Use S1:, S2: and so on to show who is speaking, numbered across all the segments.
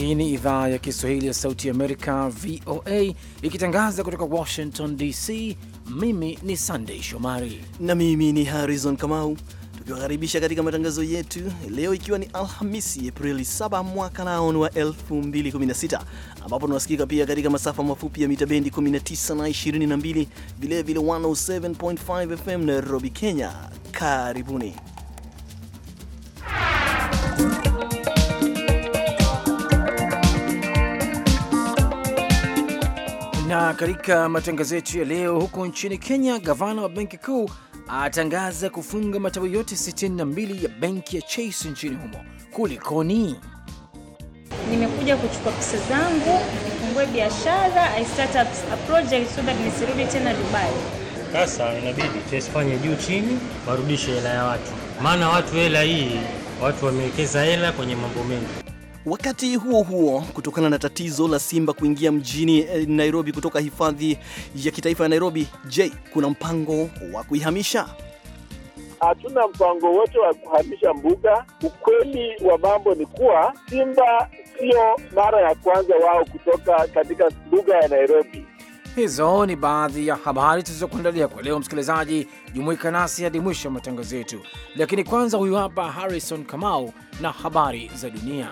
S1: Hii ni idhaa ya Kiswahili ya Sauti Amerika, VOA, ikitangaza kutoka Washington DC. Mimi ni Sandei Shomari na mimi ni Harrison Kamau,
S2: tukiwakaribisha katika matangazo yetu leo, ikiwa ni Alhamisi Aprili 7 mwaka ni wa 2016, ambapo tunasikika pia katika masafa mafupi ya mita bendi 19 na 22, vilevile 107.5 FM Nairobi, Kenya. Karibuni.
S1: Na katika matangazo yetu ya leo, huko nchini Kenya, gavana wa benki kuu atangaza kufunga matawi yote 62 ya benki ya Chase nchini humo. Kulikoni?
S3: Nimekuja kuchukua pesa zangu nifungue biashara, I start up a project so
S4: that nisirudi tena Dubai.
S5: Sasa inabidi tusifanye juu chini, warudishe hela ya watu, maana watu hela hii, watu wamewekeza hela kwenye mambo mengi
S4: Wakati
S2: huo huo, kutokana na tatizo la simba kuingia mjini eh, Nairobi kutoka hifadhi ya kitaifa ya Nairobi, je, kuna mpango wa kuihamisha?
S6: Hatuna mpango wote wa kuhamisha mbuga. Ukweli wa mambo ni kuwa simba sio mara ya kwanza wao kutoka katika mbuga ya Nairobi.
S1: Hizo ni baadhi ya habari tulizokuandalia kwa leo. Msikilizaji, jumuika nasi hadi mwisho wa matangazo yetu, lakini kwanza, huyu hapa Harrison Kamau na habari za dunia.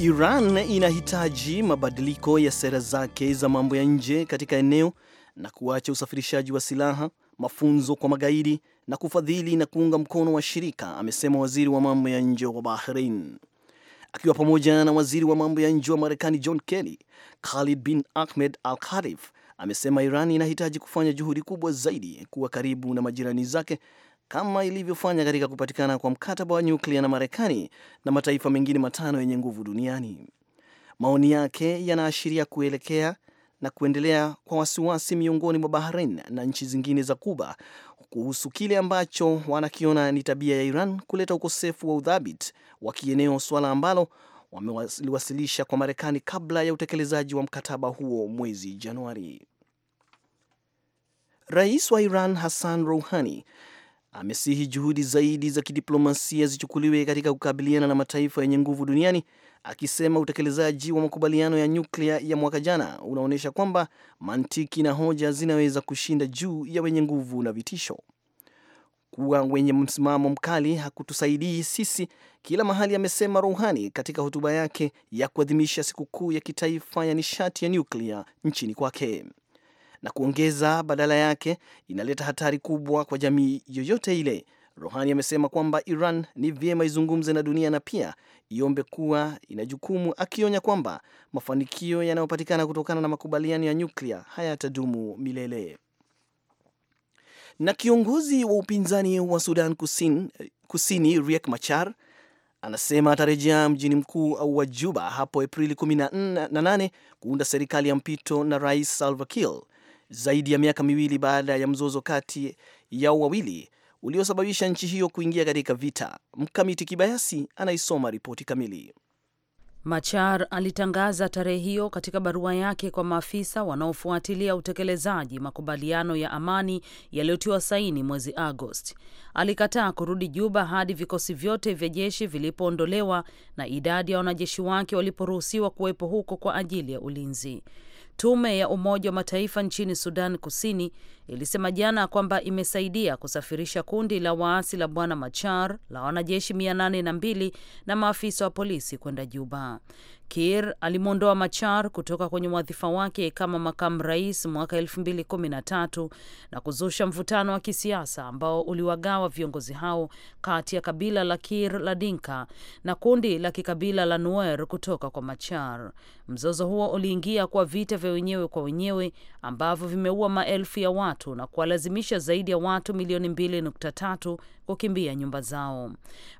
S2: Iran inahitaji mabadiliko ya sera zake za mambo ya nje katika eneo na kuacha usafirishaji wa silaha, mafunzo kwa magaidi na kufadhili na kuunga mkono washirika, amesema waziri wa mambo ya nje wa Bahrain akiwa pamoja na waziri wa mambo ya nje wa Marekani John Kerry. Khalid bin Ahmed Al Kharif amesema Iran inahitaji kufanya juhudi kubwa zaidi kuwa karibu na majirani zake kama ilivyofanya katika kupatikana kwa mkataba wa nyuklia na Marekani na mataifa mengine matano yenye nguvu duniani. Maoni yake yanaashiria kuelekea na kuendelea kwa wasiwasi miongoni mwa Bahrain na nchi zingine za Kuba kuhusu kile ambacho wanakiona ni tabia ya Iran kuleta ukosefu wa udhabit wa kieneo, suala ambalo wameliwasilisha kwa Marekani kabla ya utekelezaji wa mkataba huo mwezi Januari. Rais wa Iran Hassan Rouhani amesihi juhudi zaidi za kidiplomasia zichukuliwe katika kukabiliana na mataifa yenye nguvu duniani, akisema utekelezaji wa makubaliano ya nyuklia ya mwaka jana unaonyesha kwamba mantiki na hoja zinaweza kushinda juu ya wenye nguvu na vitisho. Kuwa wenye msimamo mkali hakutusaidii sisi kila mahali, amesema Rouhani katika hotuba yake ya kuadhimisha sikukuu ya kitaifa ya nishati ya nyuklia nchini kwake na kuongeza badala yake inaleta hatari kubwa kwa jamii yoyote ile. Rohani amesema kwamba Iran ni vyema izungumze na dunia na pia iombe kuwa ina jukumu, akionya kwamba mafanikio yanayopatikana kutokana na makubaliano ya nyuklia hayatadumu milele. Na kiongozi wa upinzani wa Sudan Kusini, Kusini Riek Machar anasema atarejea mjini mkuu au wa Juba hapo Aprili 18 kuunda serikali ya mpito na Rais Salva Kiir zaidi ya miaka miwili baada ya mzozo kati yao wawili uliosababisha nchi hiyo kuingia katika vita. Mkamiti Kibayasi anaisoma ripoti kamili.
S4: Machar alitangaza tarehe hiyo katika barua yake kwa maafisa wanaofuatilia utekelezaji makubaliano ya amani yaliyotiwa saini mwezi Agosti. Alikataa kurudi Juba hadi vikosi vyote vya jeshi vilipoondolewa na idadi ya wanajeshi wake waliporuhusiwa kuwepo huko kwa ajili ya ulinzi. Tume ya Umoja wa Mataifa nchini Sudan Kusini ilisema jana kwamba imesaidia kusafirisha kundi la waasi la Bwana Machar la wanajeshi mia nane na mbili na maafisa wa polisi kwenda Juba. Kir alimwondoa Machar kutoka kwenye wadhifa wake kama makamu rais mwaka 2013 na kuzusha mvutano wa kisiasa ambao uliwagawa viongozi hao kati ya kabila la Kir la Dinka na kundi la kikabila la Nuer kutoka kwa Machar. Mzozo huo uliingia kwa vita vya wenyewe kwa wenyewe ambavyo vimeua maelfu ya watu na kuwalazimisha zaidi ya watu milioni 2.3 kukimbia nyumba zao.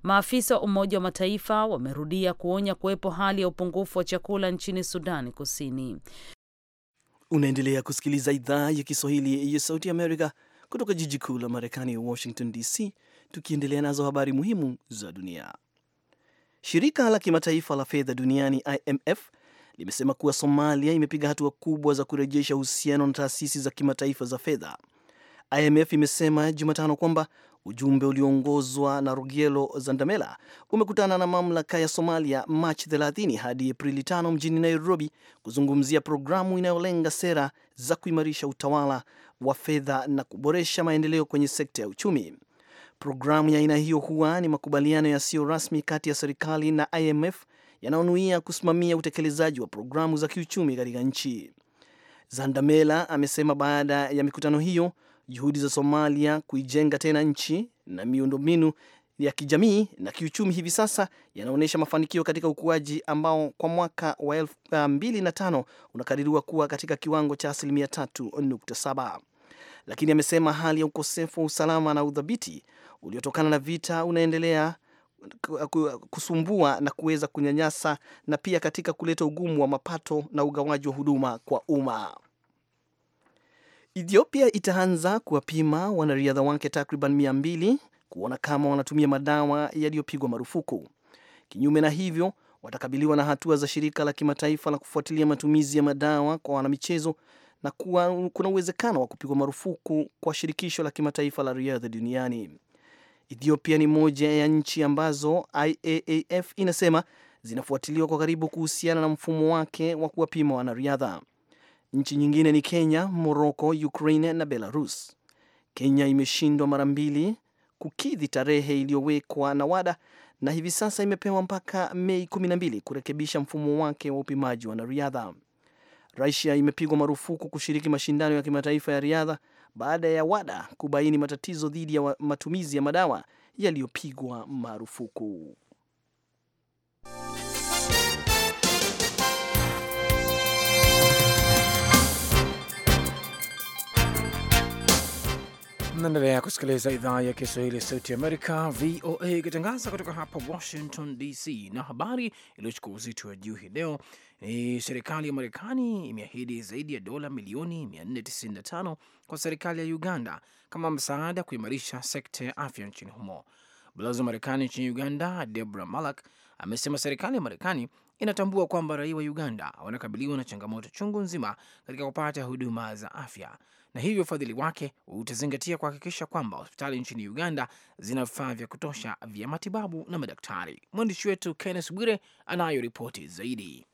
S4: Maafisa wa Umoja wa Mataifa wamerudia kuonya kuwepo hali ya upungufu wa chakula nchini Sudani Kusini.
S2: Unaendelea kusikiliza idhaa ya Kiswahili ya Sauti Amerika kutoka jiji kuu la Marekani Washington DC, tukiendelea nazo habari muhimu za dunia. Shirika la kimataifa la fedha duniani IMF limesema kuwa Somalia imepiga hatua kubwa za kurejesha uhusiano na taasisi za kimataifa za fedha. IMF imesema Jumatano kwamba ujumbe ulioongozwa na Rugielo Zandamela umekutana na mamlaka ya Somalia Machi 30 hadi Aprili 5 mjini Nairobi kuzungumzia programu inayolenga sera za kuimarisha utawala wa fedha na kuboresha maendeleo kwenye sekta ya uchumi. Programu ya aina hiyo huwa ni makubaliano yasiyo rasmi kati ya serikali na IMF yanaonuia kusimamia utekelezaji wa programu za kiuchumi katika nchi. Zandamela amesema baada ya mikutano hiyo, juhudi za Somalia kuijenga tena nchi na miundombinu ya kijamii na kiuchumi hivi sasa yanaonyesha mafanikio katika ukuaji ambao kwa mwaka wa 25 ah, unakadiriwa kuwa katika kiwango cha asilimia 3.7, lakini amesema hali ya ukosefu wa usalama na udhabiti uliotokana na vita unaendelea kusumbua na kuweza kunyanyasa na pia katika kuleta ugumu wa mapato na ugawaji wa huduma kwa umma. Ethiopia itaanza kuwapima wanariadha wake takriban mia mbili kuona kama wanatumia madawa yaliyopigwa marufuku. Kinyume na hivyo, watakabiliwa na hatua za shirika la kimataifa la kufuatilia matumizi ya madawa kwa wanamichezo na kuwa, kuna uwezekano wa kupigwa marufuku kwa shirikisho la kimataifa la riadha duniani. Ethiopia ni moja ya nchi ambazo IAAF inasema zinafuatiliwa kwa karibu kuhusiana na mfumo wake wa kuwapima wanariadha. Nchi nyingine ni Kenya, Morocco, Ukraine na Belarus. Kenya imeshindwa mara mbili kukidhi tarehe iliyowekwa na WADA na hivi sasa imepewa mpaka Mei 12 kurekebisha mfumo wake wa upimaji wanariadha. Rasia imepigwa marufuku kushiriki mashindano ya kimataifa ya riadha baada ya WADA kubaini matatizo dhidi ya matumizi ya madawa yaliyopigwa marufuku.
S1: Naendelea kusikiliza idhaa ya Kiswahili ya Sauti Amerika, VOA, ikitangaza kutoka hapa Washington DC. Na habari iliyochukua uzito wa juu hii leo ni serikali ya Marekani imeahidi zaidi ya dola milioni 495 kwa serikali ya Uganda kama msaada kuimarisha sekta ya afya nchini humo. Balozi wa Marekani nchini Uganda, Debra Malak, amesema serikali ya Marekani inatambua kwamba raia wa Uganda wanakabiliwa na changamoto chungu nzima katika kupata huduma za afya na hivyo ufadhili wake utazingatia kuhakikisha kwamba hospitali nchini Uganda zina vifaa vya kutosha vya matibabu na madaktari. Mwandishi wetu Kenneth Bwire anayo ripoti zaidi.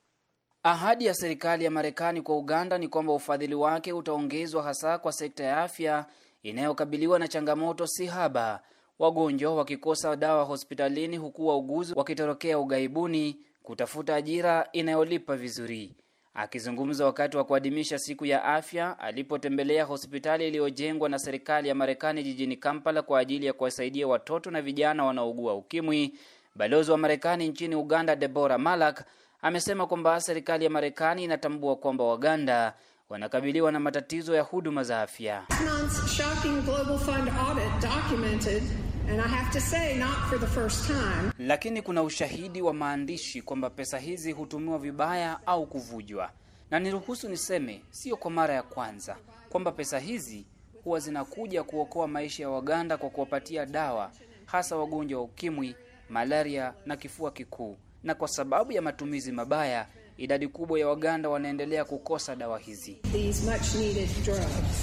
S7: Ahadi ya serikali ya Marekani kwa Uganda ni kwamba ufadhili wake utaongezwa hasa kwa sekta ya afya inayokabiliwa na changamoto si haba, wagonjwa wakikosa dawa hospitalini, huku wauguzi wakitorokea ughaibuni kutafuta ajira inayolipa vizuri. Akizungumza wakati wa kuadhimisha siku ya afya alipotembelea hospitali iliyojengwa na serikali ya Marekani jijini Kampala kwa ajili ya kuwasaidia watoto na vijana wanaougua ukimwi, balozi wa Marekani nchini Uganda Deborah Malak amesema kwamba serikali ya Marekani inatambua kwamba Waganda wanakabiliwa na matatizo ya huduma za afya.
S3: And I have to say, not for the first time.
S7: Lakini kuna ushahidi wa maandishi kwamba pesa hizi hutumiwa vibaya au kuvujwa, na niruhusu niseme, sio kwa mara ya kwanza, kwamba pesa hizi huwa zinakuja kuokoa maisha ya Waganda kwa kuwapatia dawa, hasa wagonjwa wa ukimwi, malaria na kifua kikuu, na kwa sababu ya matumizi mabaya idadi kubwa ya Waganda wanaendelea kukosa dawa hizi.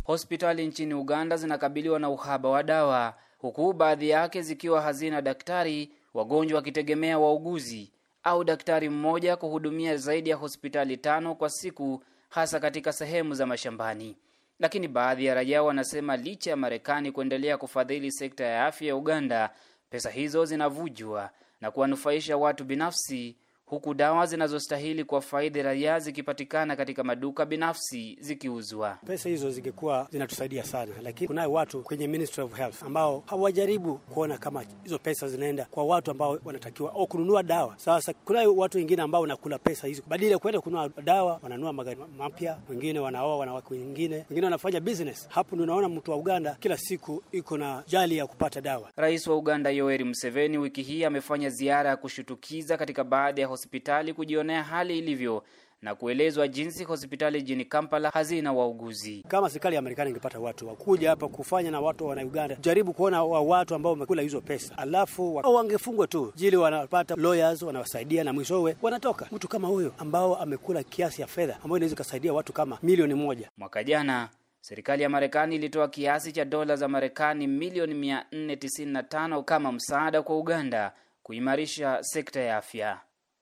S7: Hospitali nchini Uganda zinakabiliwa na uhaba wa dawa huku baadhi yake zikiwa hazina daktari, wagonjwa wakitegemea wauguzi au daktari mmoja kuhudumia zaidi ya hospitali tano kwa siku, hasa katika sehemu za mashambani. Lakini baadhi ya raia wanasema licha ya Marekani kuendelea kufadhili sekta ya afya ya Uganda, pesa hizo zinavujwa na kuwanufaisha watu binafsi huku dawa zinazostahili kwa faida raia zikipatikana katika maduka binafsi zikiuzwa.
S8: Pesa hizo zingekuwa zinatusaidia sana, lakini kunayo watu kwenye Ministry of Health ambao hawajaribu kuona kama hizo pesa zinaenda kwa watu ambao wanatakiwa au kununua dawa. Sasa kunayo watu wengine ambao wanakula pesa hizo, badili ya kuenda kununua dawa wananunua magari mapya, wengine wanaoa wanawake, wengine wengine wanafanya business. Hapo ndio unaona mtu wa Uganda kila siku iko na jali ya kupata dawa.
S7: Rais wa Uganda Yoweri Museveni wiki hii amefanya ziara ya kushutukiza katika baadhi ya hospitali kujionea hali ilivyo na kuelezwa jinsi hospitali
S8: jijini Kampala hazina wauguzi. Kama serikali ya Marekani ingepata watu wakuja hapa kufanya na watu wana Uganda, jaribu kuona wa watu ambao wamekula hizo pesa, alafu wangefungwa tu jili, wanapata lawyers wanawasaidia, na mwishowe wanatoka. Mtu kama huyo ambao amekula kiasi ya fedha ambayo inaweza ikasaidia watu kama milioni moja. Mwaka jana serikali
S7: ya Marekani ilitoa kiasi cha dola za Marekani milioni 495 kama msaada kwa Uganda kuimarisha sekta ya afya.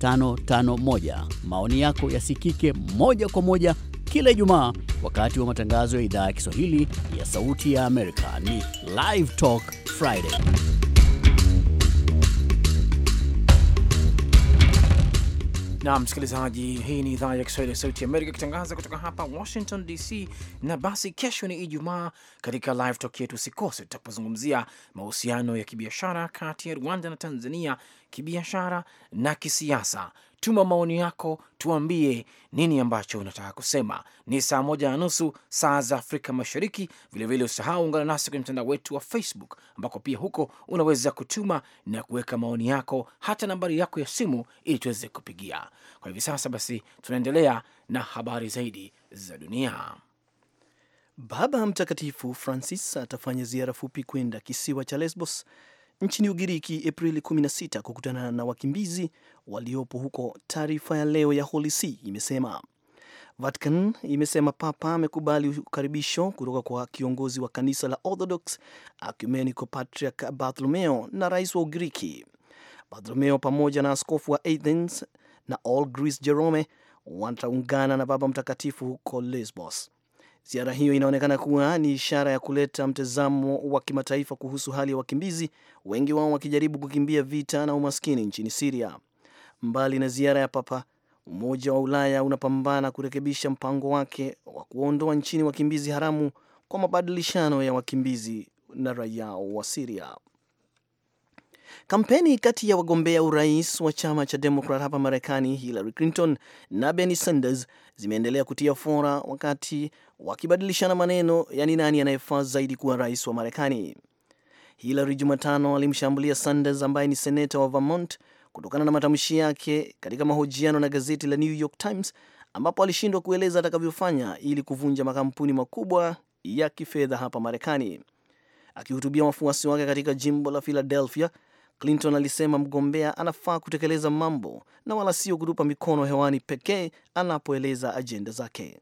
S8: 551. Maoni yako yasikike moja kwa moja kila Ijumaa wakati wa matangazo ya idhaa ya Kiswahili ya Sauti ya Amerika. Ni Live Talk
S1: Friday. na msikilizaji, hii ni idhaa ya Kiswahili ya Sauti Amerika ikitangaza kutoka hapa Washington DC. Na basi kesho ni Ijumaa, katika live talk yetu usikose, tutakapozungumzia mahusiano ya kibiashara kati ya Rwanda na Tanzania kibiashara na kisiasa. Tuma maoni yako, tuambie nini ambacho unataka kusema. Ni saa moja na nusu saa za Afrika Mashariki. Vilevile usahau ungana nasi kwenye mtandao wetu wa Facebook, ambako pia huko unaweza kutuma na kuweka maoni yako, hata nambari yako ya simu ili tuweze kupigia. Kwa hivi sasa basi, tunaendelea na habari zaidi za dunia. Baba Mtakatifu Francis atafanya ziara fupi kwenda
S2: kisiwa cha Lesbos nchini Ugiriki Aprili 16 kukutana na wakimbizi waliopo huko. Taarifa ya leo ya Holy See imesema Vatican imesema Papa amekubali ukaribisho kutoka kwa kiongozi wa kanisa la Orthodox acumenico Patriarch Bartholomeo na rais wa Ugiriki. Bartholomeo pamoja na askofu wa Athens na All Greece Jerome wataungana na Baba Mtakatifu huko Lesbos. Ziara hiyo inaonekana kuwa ni ishara ya kuleta mtazamo wa kimataifa kuhusu hali ya wakimbizi, wengi wao wakijaribu kukimbia vita na umaskini nchini Siria. Mbali na ziara ya Papa, Umoja wa Ulaya unapambana kurekebisha mpango wake wa kuondoa nchini wakimbizi haramu kwa mabadilishano ya wakimbizi na raia wa Siria. Kampeni kati ya wagombea urais wa chama cha Demokrat hapa Marekani, Hillary Clinton na Bernie Sanders zimeendelea kutia fora wakati wakibadilishana maneno, yani nani anayefaa zaidi kuwa rais wa Marekani. Hillary Jumatano alimshambulia Sanders ambaye ni seneta wa Vermont kutokana na matamshi yake katika mahojiano na gazeti la New York Times, ambapo alishindwa kueleza atakavyofanya ili kuvunja makampuni makubwa ya kifedha hapa Marekani. Akihutubia wafuasi wake katika jimbo la Philadelphia, Clinton alisema mgombea anafaa kutekeleza mambo na wala sio kutupa mikono hewani pekee anapoeleza ajenda zake.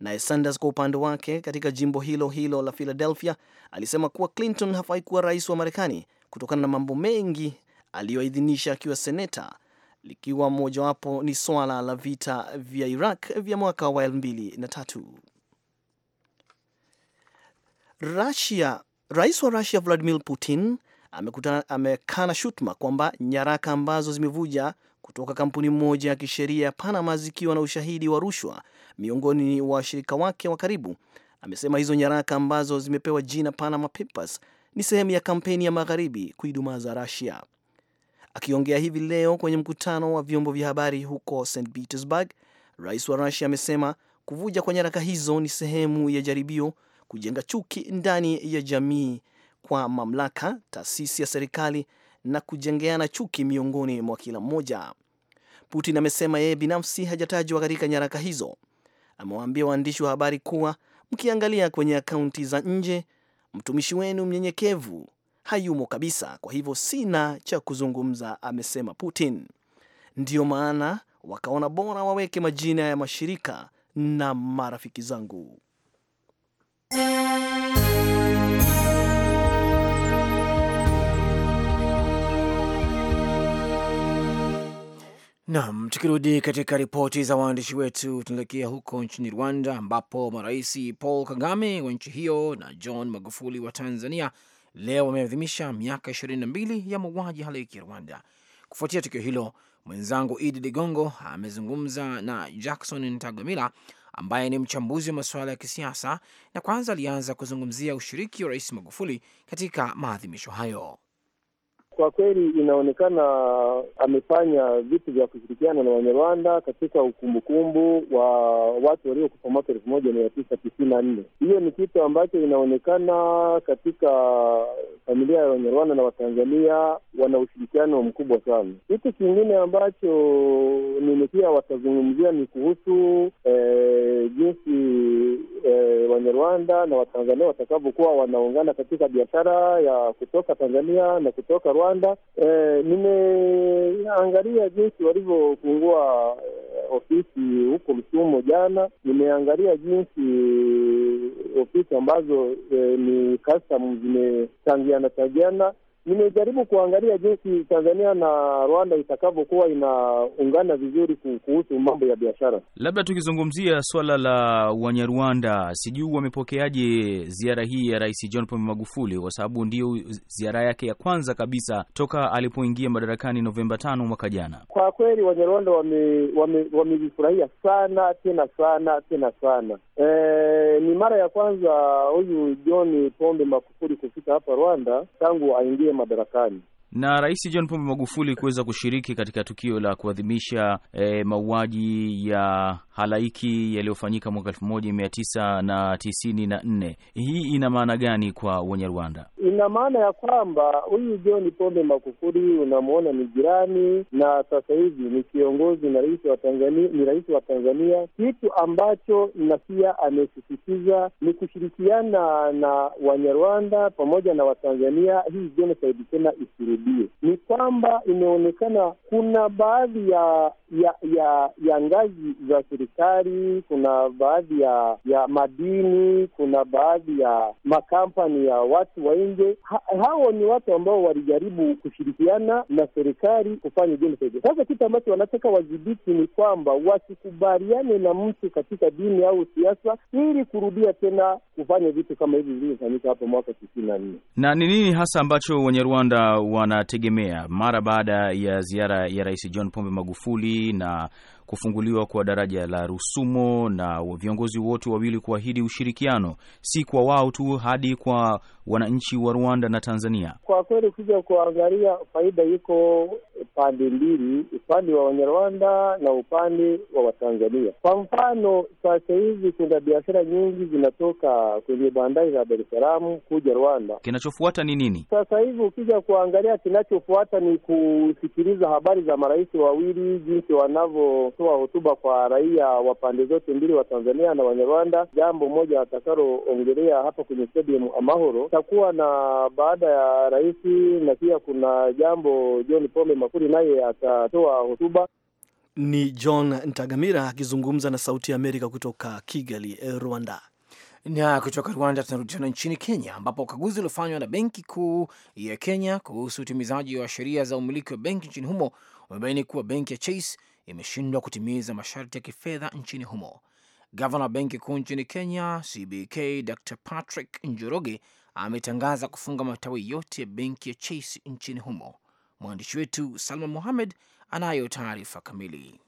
S2: Naye Sanders kwa upande wake, katika jimbo hilo hilo la Philadelphia, alisema kuwa Clinton hafai kuwa rais wa Marekani kutokana na mambo mengi aliyoidhinisha akiwa seneta, likiwa mojawapo ni swala la vita vya Iraq vya mwaka wa 2003. rais wa Russia Vladimir Putin amekana shutuma kwamba nyaraka ambazo zimevuja kutoka kampuni moja ya kisheria ya Panama zikiwa na ushahidi wa rushwa miongoni wa washirika wake wa karibu. Amesema hizo nyaraka ambazo zimepewa jina Panama Papers ni sehemu ya kampeni ya magharibi kuidumaza Russia. Akiongea hivi leo kwenye mkutano wa vyombo vya habari huko St Petersburg, rais wa Russia amesema kuvuja kwa nyaraka hizo ni sehemu ya jaribio kujenga chuki ndani ya jamii kwa mamlaka, taasisi ya serikali na kujengeana chuki miongoni mwa kila mmoja. Putin amesema yeye binafsi hajatajwa katika nyaraka hizo. Amewaambia waandishi wa habari kuwa mkiangalia kwenye akaunti za nje, mtumishi wenu mnyenyekevu hayumo kabisa, kwa hivyo sina cha kuzungumza, amesema Putin. Ndiyo maana wakaona bora waweke majina ya mashirika na marafiki zangu
S1: nam tukirudi katika ripoti za waandishi wetu, tunaelekea huko nchini Rwanda ambapo marais Paul Kagame wa nchi hiyo na John Magufuli wa Tanzania leo wameadhimisha miaka ishirini na mbili ya mauaji halaiki ya Rwanda. Kufuatia tukio hilo, mwenzangu Idi Ligongo amezungumza na Jackson ntagamila ambaye ni mchambuzi wa masuala ya kisiasa, na kwanza alianza kuzungumzia ushiriki wa Rais Magufuli katika maadhimisho hayo.
S9: Kwa kweli inaonekana amefanya vitu vya kushirikiana na Wanyarwanda katika ukumbukumbu wa watu waliokufa mwaka elfu moja mia tisa tisini na nne. Hiyo ni kitu ambacho inaonekana katika familia ya Wanyarwanda na Watanzania wana ushirikiano mkubwa sana. Kitu kingine ambacho nimekia watazungumzia ni kuhusu eh, jinsi eh, Wanyarwanda na Watanzania watakavyokuwa wanaungana katika biashara ya kutoka Tanzania na kutoka Rwanda Rwanda. Eh, nimeangalia jinsi walivyofungua eh, ofisi huko Msumo jana. Nimeangalia jinsi eh, ofisi ambazo eh, ni custom zimechangiana changiana nimejaribu kuangalia jinsi Tanzania na Rwanda itakavyokuwa inaungana vizuri kuhusu mambo ya biashara.
S5: Labda tukizungumzia swala la Wanyarwanda, sijui wamepokeaje ziara hii ya Rais John Pombe Magufuli, kwa sababu ndiyo ziara yake ya kwanza kabisa toka alipoingia madarakani Novemba tano mwaka jana.
S9: Kwa kweli Wanyarwanda wamejifurahia wame, wame sana tena sana tena sana. E, ni mara ya kwanza huyu John Pombe Magufuli kufika hapa Rwanda tangu aingie madarakani.
S5: na Rais John Pombe Magufuli kuweza kushiriki katika tukio la kuadhimisha e, mauaji ya halaiki yaliyofanyika mwaka elfu moja mia tisa na tisini na nne. Hii ina maana gani kwa Wanyarwanda?
S9: Ina maana ya kwamba huyu John Pombe Magufuli unamwona ni jirani, na sasa hivi ni kiongozi na rais wa Tanzania, ni rais wa Tanzania, kitu ambacho na pia amesisitiza ni kushirikiana na Wanyarwanda pamoja na Watanzania, hii genocide tena isirudi nisaidie, ni kwamba imeonekana kuna baadhi ya ya ya ya ngazi za serikali, kuna baadhi ya ya madini, kuna baadhi ya makampani ya watu wa nje ha, hao ni watu ambao walijaribu kushirikiana na serikali kufanya genocide. Sasa kitu ambacho wanataka wadhibiti ni kwamba wasikubaliane na mtu katika dini au siasa, ili kurudia tena kufanya vitu kama hivi vilivyofanyika hapo mwaka tisini na nne.
S5: Na ni nini hasa ambacho wenye Rwanda wana wanategemea mara baada ya ziara ya Rais John Pombe Magufuli na kufunguliwa kwa daraja la Rusumo na viongozi wote wawili kuahidi ushirikiano, si kwa wao tu, hadi kwa wananchi wa Rwanda na Tanzania.
S9: Kwa kweli, ukija kuangalia faida iko pande mbili, upande wa Wanyarwanda na upande wa Watanzania. Kwa mfano, sasa hivi kuna biashara nyingi zinatoka kwenye bandari za Dar es Salaam kuja Rwanda.
S5: Kinachofuata ni nini?
S9: Sasa hivi ukija kuangalia, kinachofuata ni kusikiliza habari za marais wawili jinsi wanavyo watatoa hotuba kwa raia wa pande zote mbili wa Tanzania na Wanyarwanda. Jambo moja atakaloongelea hapa kwenye stadium Amahoro itakuwa na baada ya rais, na pia kuna jambo John Pombe Makuri naye atatoa hotuba.
S2: Ni John Ntagamira akizungumza na Sauti ya Amerika kutoka Kigali,
S1: Rwanda. Na kutoka Rwanda tunarudi tena nchini Kenya, ambapo ukaguzi uliofanywa na Benki Kuu ya Kenya kuhusu utimizaji wa sheria za umiliki wa benki nchini humo umebaini kuwa benki ya Chase imeshindwa kutimiza masharti ya kifedha nchini humo. Gavana wa benki kuu nchini Kenya, CBK, Dr Patrick Njoroge ametangaza kufunga matawi yote ya benki ya Chase nchini humo. Mwandishi wetu Salma Mohamed anayo taarifa kamili.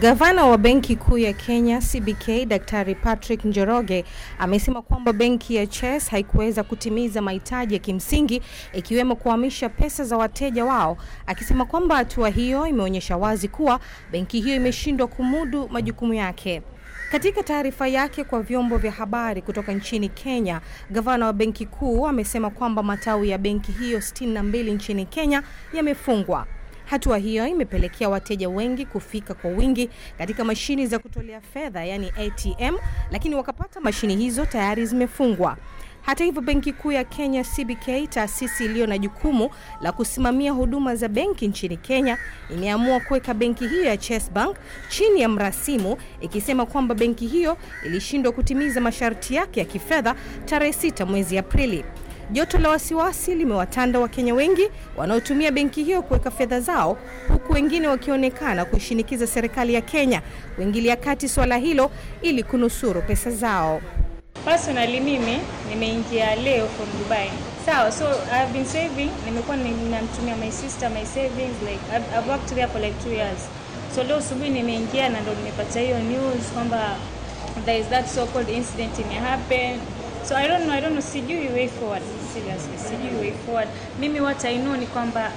S3: Gavana wa Benki Kuu ya Kenya CBK Daktari Patrick Njoroge amesema kwamba benki ya Chase haikuweza kutimiza mahitaji ya kimsingi ikiwemo kuhamisha pesa za wateja wao, akisema kwamba hatua hiyo imeonyesha wazi kuwa benki hiyo imeshindwa kumudu majukumu yake. Katika taarifa yake kwa vyombo vya habari kutoka nchini Kenya, gavana wa benki kuu amesema kwamba matawi ya benki hiyo 62 nchini Kenya yamefungwa. Hatua hiyo imepelekea wateja wengi kufika kwa wingi katika mashini za kutolea fedha, yani ATM, lakini wakapata mashini hizo tayari zimefungwa. Hata hivyo, Benki Kuu ya Kenya CBK, taasisi iliyo na jukumu la kusimamia huduma za benki nchini Kenya, imeamua kuweka benki hiyo ya Chase Bank chini ya mrasimu, ikisema kwamba benki hiyo ilishindwa kutimiza masharti yake ya kifedha tarehe 6 mwezi Aprili. Joto la wasiwasi limewatanda Wakenya wengi wanaotumia benki hiyo kuweka fedha zao, huku wengine wakionekana kuishinikiza serikali ya Kenya kuingilia kati swala hilo ili kunusuru pesa zao. Personally, mimi nimeingia leo from Dubai. Sawa, so I've been saving, nimekuwa ninamtumia my sister my savings like I've worked there for like two years. So leo asubuhi nimeingia na ndo nimepata hiyo news kwamba there is that so called incident in happen. So I don't know, I don't know, sijui way forward seriously, sijui way forward. Mimi what I know ni kwamba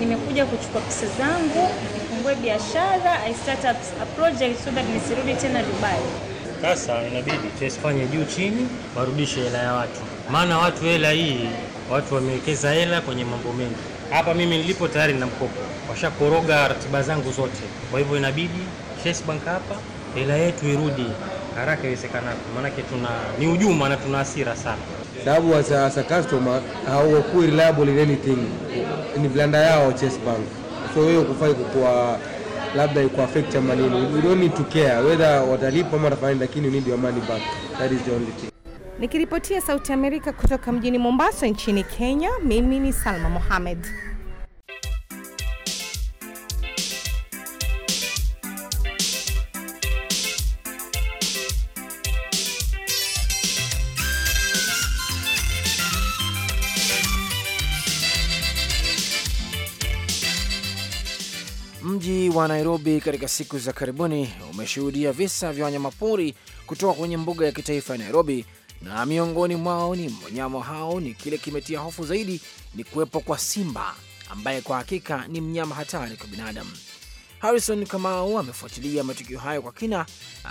S3: nimekuja kuchukua pesa zangu nifungue biashara,
S4: I start up a project so that nisirudi tena Dubai.
S5: Sasa inabidi tusifanye juu chini, warudishe hela ya watu, maana watu hela hii, watu wamewekeza hela kwenye mambo mengi. Hapa mimi nilipo tayari na mkopo, washakoroga ratiba zangu zote, kwa hivyo inabidi Chase Bank hapa hela yetu irudi haraka iwezekanavyo, maanake tuna ni ujuma na tuna hasira sana sababu as a, as a customer hawakuwa reliable in anything, ni vilanda yao Chase Bank, so wewe ukufai kukua labda iko affect ama nini, you don't need to care whether watalipa ama watafanya, lakini you need your money back,
S6: that is the only thing.
S3: Nikiripotia Sauti Amerika kutoka mjini Mombasa nchini Kenya, mimi ni Salma Mohamed.
S1: Nairobi katika siku za karibuni umeshuhudia visa vya wanyamapori kutoka kwenye mbuga ya kitaifa ya Nairobi, na miongoni mwao ni wanyama hao ni kile kimetia hofu zaidi ni kuwepo kwa simba ambaye kwa hakika ni mnyama hatari kwa binadamu. Harrison Kamau amefuatilia matukio hayo kwa kina,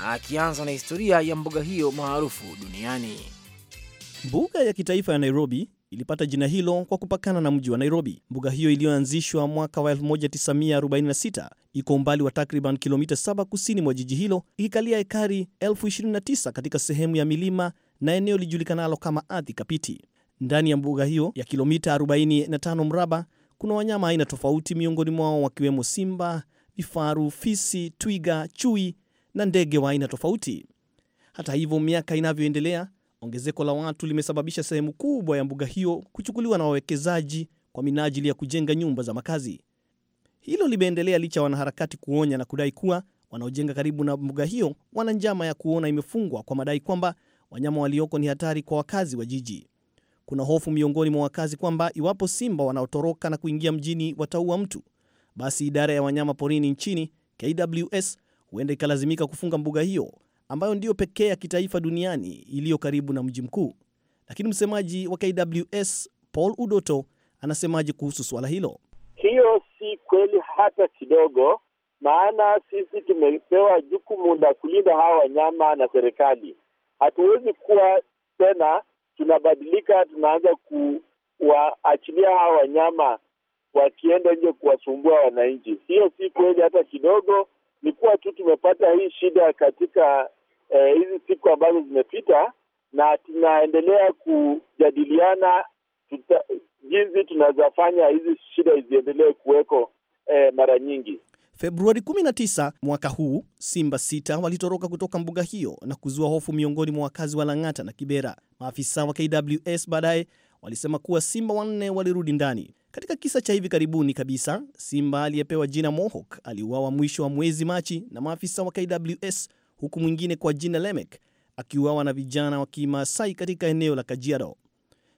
S1: akianza na historia ya mbuga hiyo maarufu duniani.
S2: Mbuga ya kitaifa ya Nairobi ilipata jina hilo kwa kupakana na mji wa Nairobi. Mbuga hiyo iliyoanzishwa mwaka wa 1946 iko umbali wa takriban kilomita 7 kusini mwa jiji hilo, ikikalia ekari 29 katika sehemu ya milima na eneo lijulikanalo kama ardhi kapiti. Ndani ya mbuga hiyo ya kilomita 45 mraba kuna wanyama aina tofauti, miongoni mwao wakiwemo simba, vifaru, fisi, twiga, chui na ndege wa aina tofauti. Hata hivyo, miaka inavyoendelea, ongezeko la watu limesababisha sehemu kubwa ya mbuga hiyo kuchukuliwa na wawekezaji kwa minajili ya kujenga nyumba za makazi. Hilo limeendelea licha ya wanaharakati kuonya na kudai kuwa wanaojenga karibu na mbuga hiyo wana njama ya kuona imefungwa kwa madai kwamba wanyama walioko ni hatari kwa wakazi wa jiji. Kuna hofu miongoni mwa wakazi kwamba iwapo simba wanaotoroka na kuingia mjini wataua mtu, basi idara ya wanyama porini nchini KWS huenda ikalazimika kufunga mbuga hiyo ambayo ndiyo pekee ya kitaifa duniani iliyo karibu na mji mkuu. Lakini msemaji wa KWS Paul Udoto anasemaje kuhusu suala hilo?
S6: Hiyo si kweli hata kidogo, maana sisi tumepewa jukumu la kulinda hawa wanyama na serikali. Hatuwezi kuwa tena tunabadilika, tunaanza kuwaachilia hawa wanyama wakienda nje kuwasumbua wananchi. Hiyo si kweli hata kidogo. Ni kuwa tu tumepata hii shida katika eh, hizi eh, siku ambazo zimepita, na tunaendelea kujadiliana tuta, jinsi tunazafanya hizi shida iziendelee kuweko eh, mara nyingi.
S2: Februari 19 mwaka huu simba sita walitoroka kutoka mbuga hiyo na kuzua hofu miongoni mwa wakazi wa Lang'ata na Kibera. Maafisa wa KWS baadaye walisema kuwa simba wanne walirudi ndani. Katika kisa cha hivi karibuni kabisa, simba aliyepewa jina Mohawk aliuawa mwisho wa mwezi Machi na maafisa wa KWS, huku mwingine kwa jina Lemek akiuawa na vijana wa Kimaasai katika eneo la Kajiado.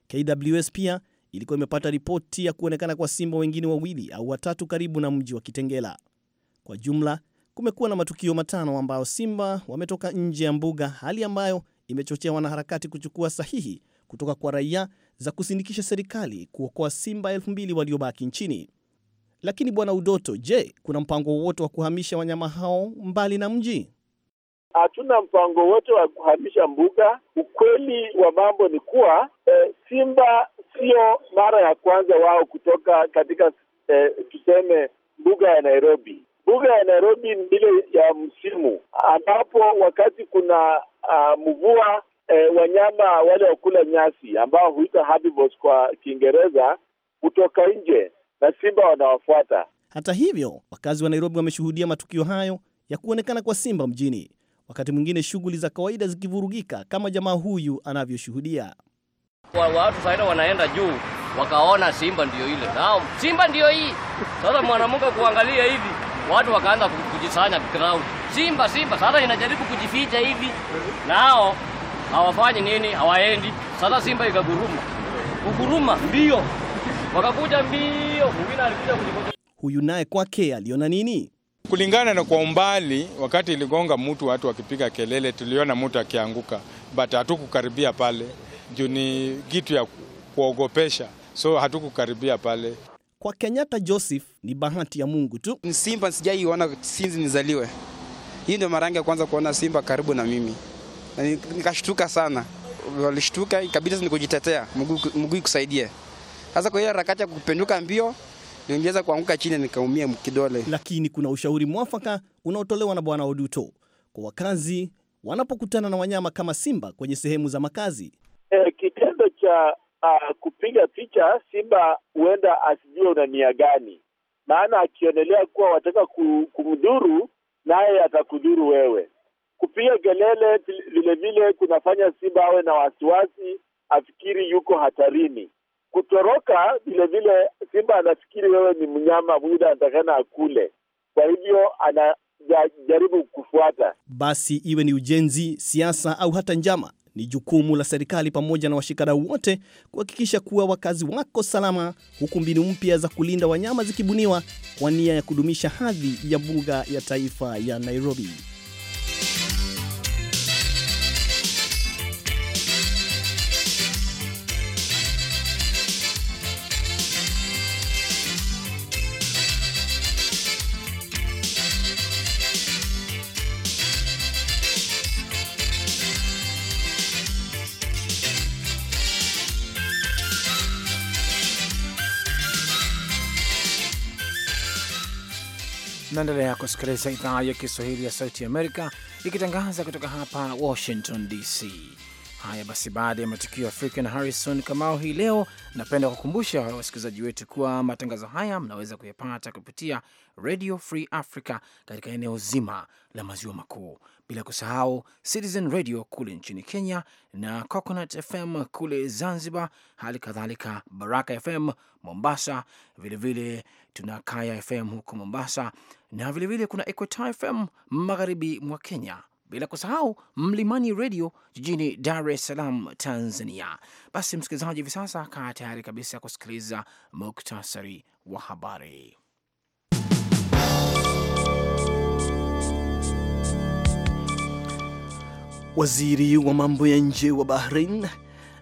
S2: KWS pia ilikuwa imepata ripoti ya kuonekana kwa simba wengine wawili au watatu karibu na mji wa Kitengela. Kwa jumla kumekuwa na matukio matano ambayo simba wametoka nje ya mbuga, hali ambayo imechochea wanaharakati kuchukua sahihi kutoka kwa raia za kusindikisha serikali kuokoa simba elfu mbili waliobaki nchini. Lakini Bwana Udoto, je, kuna mpango wowote wa kuhamisha wanyama hao mbali na mji?
S6: hatuna mpango wote wa kuhamisha mbuga. Ukweli wa mambo ni kuwa eh, simba sio mara ya kwanza wao kutoka katika eh, tuseme mbuga ya Nairobi. Mbuga ya Nairobi ni ile ya msimu ambapo wakati kuna uh, mvua E, wanyama wale wakula nyasi ambao huita herbivores kwa Kiingereza hutoka nje na simba wanawafuata.
S2: Hata hivyo, wakazi wa Nairobi wameshuhudia matukio hayo ya kuonekana kwa simba mjini wakati mwingine shughuli za kawaida zikivurugika kama jamaa huyu anavyoshuhudia.
S8: Kwa watu saida wanaenda juu, wakaona
S2: simba ndio ile nao, simba ndiyo hii sasa. Mwanamke kuangalia hivi, watu wakaanza kujisanya crowd,
S8: simba simba. Sasa inajaribu kujificha hivi,
S2: nao hawafanyi nini, hawaendi. Sasa simba ikaguruma, kuguruma mbio, wakakuja mbio, mwingine alikuja. Huyu naye kwake aliona nini? Kulingana
S5: na kwa umbali, wakati iligonga mtu, watu wakipiga kelele, tuliona mtu akianguka, but hatukukaribia pale juu ni kitu ya kuogopesha, so hatukukaribia
S2: pale. Kwa Kenyatta Joseph ni bahati ya Mungu tu. Simba sijaiona sinzi
S1: nizaliwe. Hii ndio mara yangu ya kwanza kuona simba karibu na mimi, na nikashtuka sana. Walishtuka, ikabidi nikujitetea, mguu ikusaidie. Sasa kwa hiyo harakati ya kupenduka mbio niliweza kuanguka chini nikaumia kidole.
S2: Lakini kuna ushauri mwafaka unaotolewa na Bwana Oduto kwa wakazi wanapokutana na wanyama kama simba kwenye sehemu za makazi.
S6: E, kitendo cha a, ah, kupiga picha simba, huenda asijue una nia gani, maana akionelea kuwa wataka kumdhuru, naye atakudhuru wewe. Kupiga kelele vilevile kunafanya simba awe na wasiwasi, afikiri yuko hatarini. Kutoroka vile vile, simba anafikiri wewe ni mnyama, muda anatakana akule, kwa hivyo anajaribu kufuata.
S2: Basi iwe ni ujenzi, siasa au hata njama, ni jukumu la serikali pamoja na washikadau wote kuhakikisha kuwa wakazi wako salama, huku mbinu mpya za kulinda wanyama zikibuniwa kwa nia ya kudumisha hadhi ya mbuga ya taifa ya Nairobi.
S1: Naendelea kusikiliza idhaa ya Kiswahili ya Sauti Amerika ikitangaza kutoka hapa Washington DC. Haya basi, baada ya matukio ya Afrika na Harrison Kamau hii leo, napenda kukumbusha wasikilizaji wetu kuwa matangazo haya mnaweza kuyapata kupitia Radio Free Africa katika eneo zima la maziwa makuu, bila kusahau Citizen Radio kule nchini Kenya na Coconut FM kule Zanzibar, hali kadhalika Baraka FM Mombasa, vilevile tuna Kaya FM huko Mombasa, na vilevile kuna Equator FM magharibi mwa Kenya, bila kusahau Mlimani Redio jijini Dar es Salaam, Tanzania. Basi msikilizaji, hivi sasa kaa tayari kabisa kusikiliza muktasari wa habari.
S2: Waziri wa mambo ya nje wa Bahrain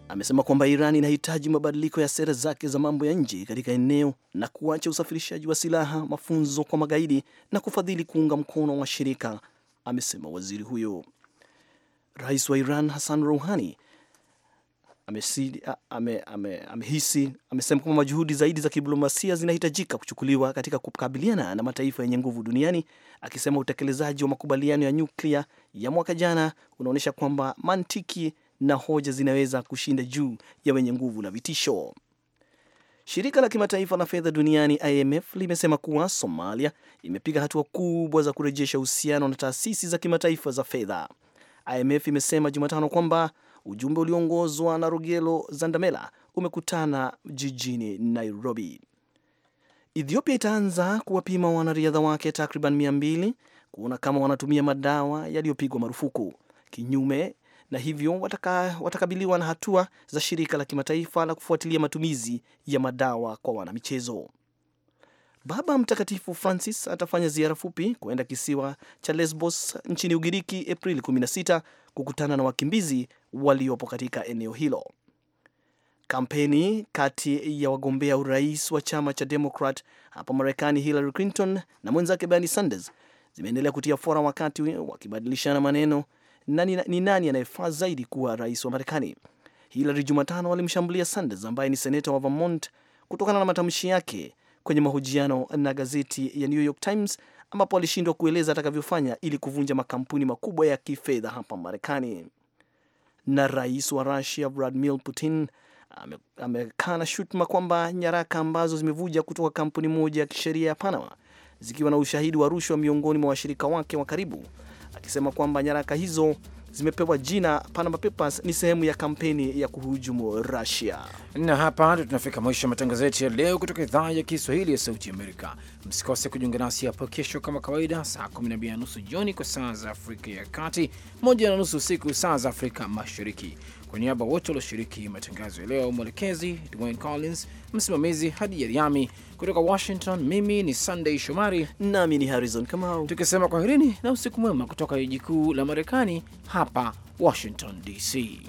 S2: amesema kwamba Iran inahitaji mabadiliko ya sera zake za mambo ya nje katika eneo na kuacha usafirishaji wa silaha, mafunzo kwa magaidi na kufadhili kuunga mkono washirika, amesema waziri huyo. Rais wa Iran Hassan Rouhani amehisi ame, ame, amesema kwamba juhudi zaidi za kidiplomasia zinahitajika kuchukuliwa katika kukabiliana na mataifa yenye nguvu duniani, akisema utekelezaji wa makubaliano ya nyuklia ya mwaka jana unaonyesha kwamba mantiki na hoja zinaweza kushinda juu ya wenye nguvu na vitisho. Shirika la kimataifa la fedha duniani IMF limesema kuwa Somalia imepiga hatua kubwa za kurejesha uhusiano na taasisi za kimataifa za fedha. IMF imesema Jumatano kwamba ujumbe ulioongozwa na Rogelo Zandamela umekutana jijini Nairobi. Ethiopia itaanza kuwapima wanariadha wake takriban mia mbili kuona kama wanatumia madawa yaliyopigwa marufuku. Kinyume na hivyo wataka, watakabiliwa na hatua za shirika la kimataifa la kufuatilia matumizi ya madawa kwa wanamichezo. Baba Mtakatifu Francis atafanya ziara fupi kuenda kisiwa cha Lesbos nchini Ugiriki Aprili 16 kukutana na wakimbizi waliopo katika eneo hilo. Kampeni kati ya wagombea urais wa chama cha Demokrat hapa Marekani, Hillary Clinton na mwenzake Bernie Sanders zimeendelea kutia fora, wakati wakibadilishana maneno na ni, ni nani anayefaa zaidi kuwa rais wa Marekani. Hillary Jumatano alimshambulia Sanders ambaye ni seneta wa Vermont kutokana na matamshi yake kwenye mahojiano na gazeti ya New York Times ambapo alishindwa kueleza atakavyofanya ili kuvunja makampuni makubwa ya kifedha hapa Marekani. Na rais wa Russia Vladimir Putin amekana shutuma kwamba nyaraka ambazo zimevuja kutoka kampuni moja ya kisheria ya Panama zikiwa na ushahidi wa rushwa miongoni mwa washirika wake wa karibu akisema kwamba nyaraka hizo zimepewa jina Panama Papers
S1: ni sehemu ya kampeni ya kuhujumu Russia. Na hapa ndio tunafika mwisho wa matangazo yetu ya leo kutoka idhaa ya Kiswahili ya Sauti Amerika. Msikose kujiunga nasi hapo kesho kama kawaida, saa 12 na nusu jioni kwa saa za Afrika ya Kati, moja na nusu usiku saa za Afrika Mashariki. Kwa niaba wote walioshiriki matangazo ya leo, mwelekezi Dwayne Collins, msimamizi hadi Yariami kutoka Washington, mimi ni Sunday Shomari nami ni Harrison Kamau, tukisema kwaherini na usiku mwema kutoka jiji kuu la Marekani, hapa Washington DC.